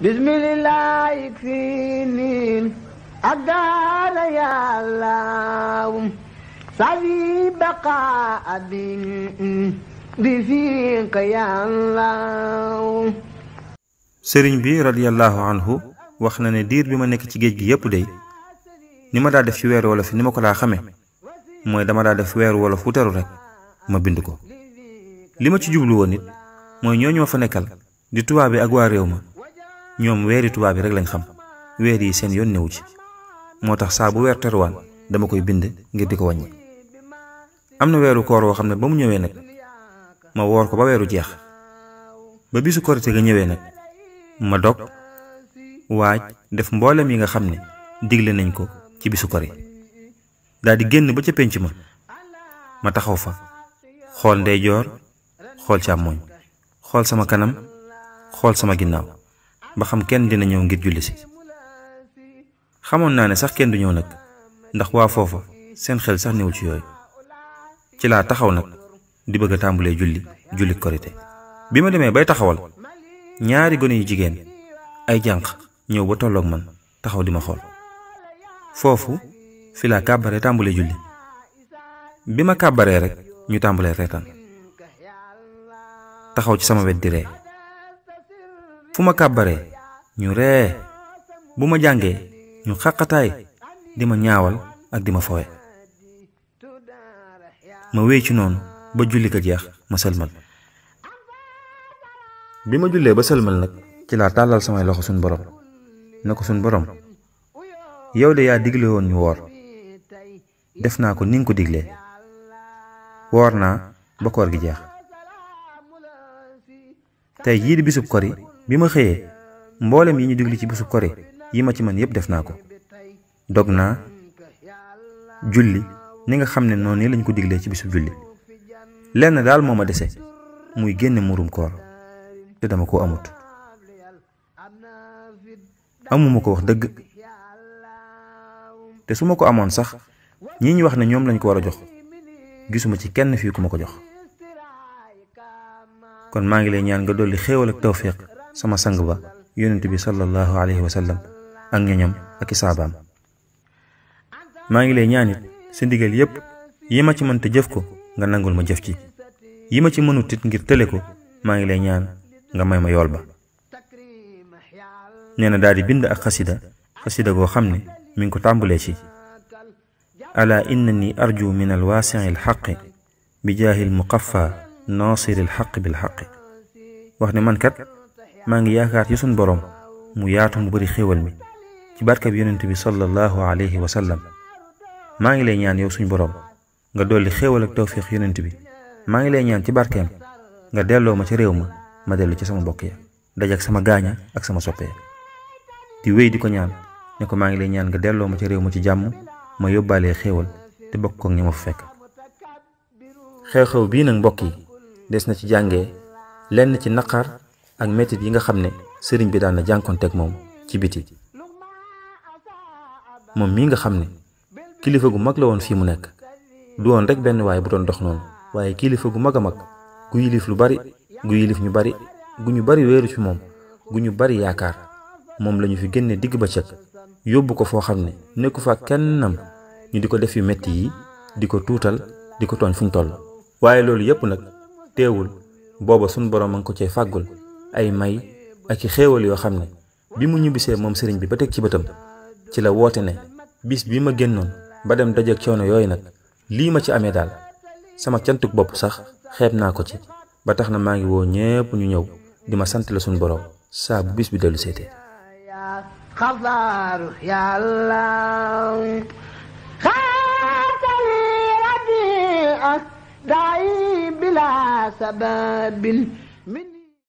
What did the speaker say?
bismillah sëriñ bi radiyallahu anhu wax na ne diir bi ma nekk ci géej gi yépp day ni ma daa def ci weeru wolof ni ma ko daa xamee mooy dama daa def weeru wolof wu teru ma bind ko li ma ci jublu woon it mooy ñooñu ma fa nekkal di tubaab ak waa réew ma ñoom weeri tubaab yi rek lañ xam weer yi seen yoon newu ci moo tax saa bu weer teruwaan dama koy bind ngir di ko wàññi am na weeru koor woo xam ne ba mu ñëwee nag ma woor ko ba weeru jeex ba bisu korite ga ñëwee nag ma dog waaj def mboolem yi nga xam ne digle nañ ko ci bisu kori daal di génn ba ca pénc ma ma taxaw fa xool ndeyjoor xool càmmooñ xool sama kanam xool sama ginnaaw ba xam kenn dina ñëw ngir julli si xamoon naa ne sax kenn du ñëw nag ndax waa foofa seen xel sax newul ci yooyu ci laa taxaw nag di bëgg a tàmbalee julli julli korite bi ma demee bay taxawal ñaari gone yu jigéen ay jànq ñëw ba tolloog man taxaw di ma xool foofu fi laa kàbbaree tàmbalee julli bi ma kàbbaree rek ñu tàmbalee reetaan taxaw ci sama wet di ree fu ma kàbbaree ñu ree bu ma jàngee ñu xàqataay di ma ñaawal ak di ma fowe ma wéy ci noonu ba julli ko jeex ma sëlmal bi ma jullee ba sëlmal nag ci laa tàllal samay loxo suñ borom ne ko suñ borom yow de yaa digle woon ñu woor def naa ko ni nga ko diglee woor naa ba koor gi jeex tey jii bisub kori bi ma xëyee mboolem yi ñu digli ci bésu kore yi ma ci man yépp def naa ko dog naa julli ni nga xam ne noonu lañ ko diglee ci bisu julli lenn daal moo ma dese muy génne murum koor te dama koo amut amuma ko wax dëgg te su ma ko amoon sax ñii ñu wax ne ñoom lañ ko war a jox gisuma ci kenn fii ku ma ko jox kon maa ngi lay ñaan nga dolli xéewal ak tawféex sama sang ba yonent bi sallallahu alayhi wa sallam ak ñoñam ak i maa ngi lay ñaanit sa ndigal yépp yi ma ci mën jëf ko nga nangul ma jëf ci yi ma ci mënut it ngir tële ko maa ngi lay ñaan nga may ma yool ba nee na daal di bind ak xasida xasida goo xam ne mi ngi ko tàmbulee ci ala innani arju min alwaasii alxaqi bi jaahi almuqaffa naasiri alxaqi bilxaqi wax ne man kat mangi ngi yaakaar ci sun borom mu yaatu mu bari mi ci bi yonent bi sallallahu alayhi wa sallam mangi ngi lay ñaan yow suñ borom nga doli xéewal ak tawfiq yonent bi mangi ngi lay ñaan ci barkem nga delo ma ci ma ma ci sama bokk ya daj ak sama gaña ak sama soppe ya. di wey di ko ñaan ne ko mangi ngi lay ñaan nga delo ma ci réew ma ci jamm ma yobale xéewal te bokk ko ma xew-xew bi nak mbokk des na ci jange lenn ci naqar ak mettit yi nga xam ne sëriñ bi daan na jànkoonteeg moom ci biti moom mii nga xam ne kilifa gu mag la woon fii mu nekk du woon rek benn waay bu doon dox noonu waaye kilifa gu mag a mag gu yilif lu bari gu yilif ñu bari gu ñu bari wéeru ci moom gu ñu bari yaakaar moom lañu fi génne digg ba bëccëg yóbbu ko foo xam ne nekku fa kennam ñu di ko def yu metti yi di ko tuutal di ko tooñ fuñ toll waaye loolu yépp nag teewul booba sunu boroom a ngi ko cee fàggul ay may ak i xéewal yoo xam kibatam. bi mu mom sëriñ bi ba tek ci bëtam ci la ne bis bi ma gennon ba dem dajeeg ciono yoy nak li ma ci amé dal sama cantuk bop sax xeeb ko ci ba taxna ma ngi wo ñepp ñu ñew di sant la suñu borom sa bis bi dellu